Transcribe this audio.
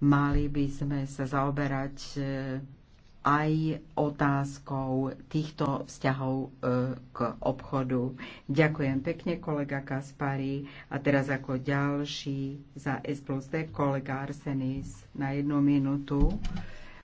Mali by sme sa zaoberať eh, aj otázkou týchto vzťahov eh, k obchodu. Ďakujem pekne, kolega Kaspari. A teraz ako ďalší za S plus D kolega Arsenis na jednu minútu.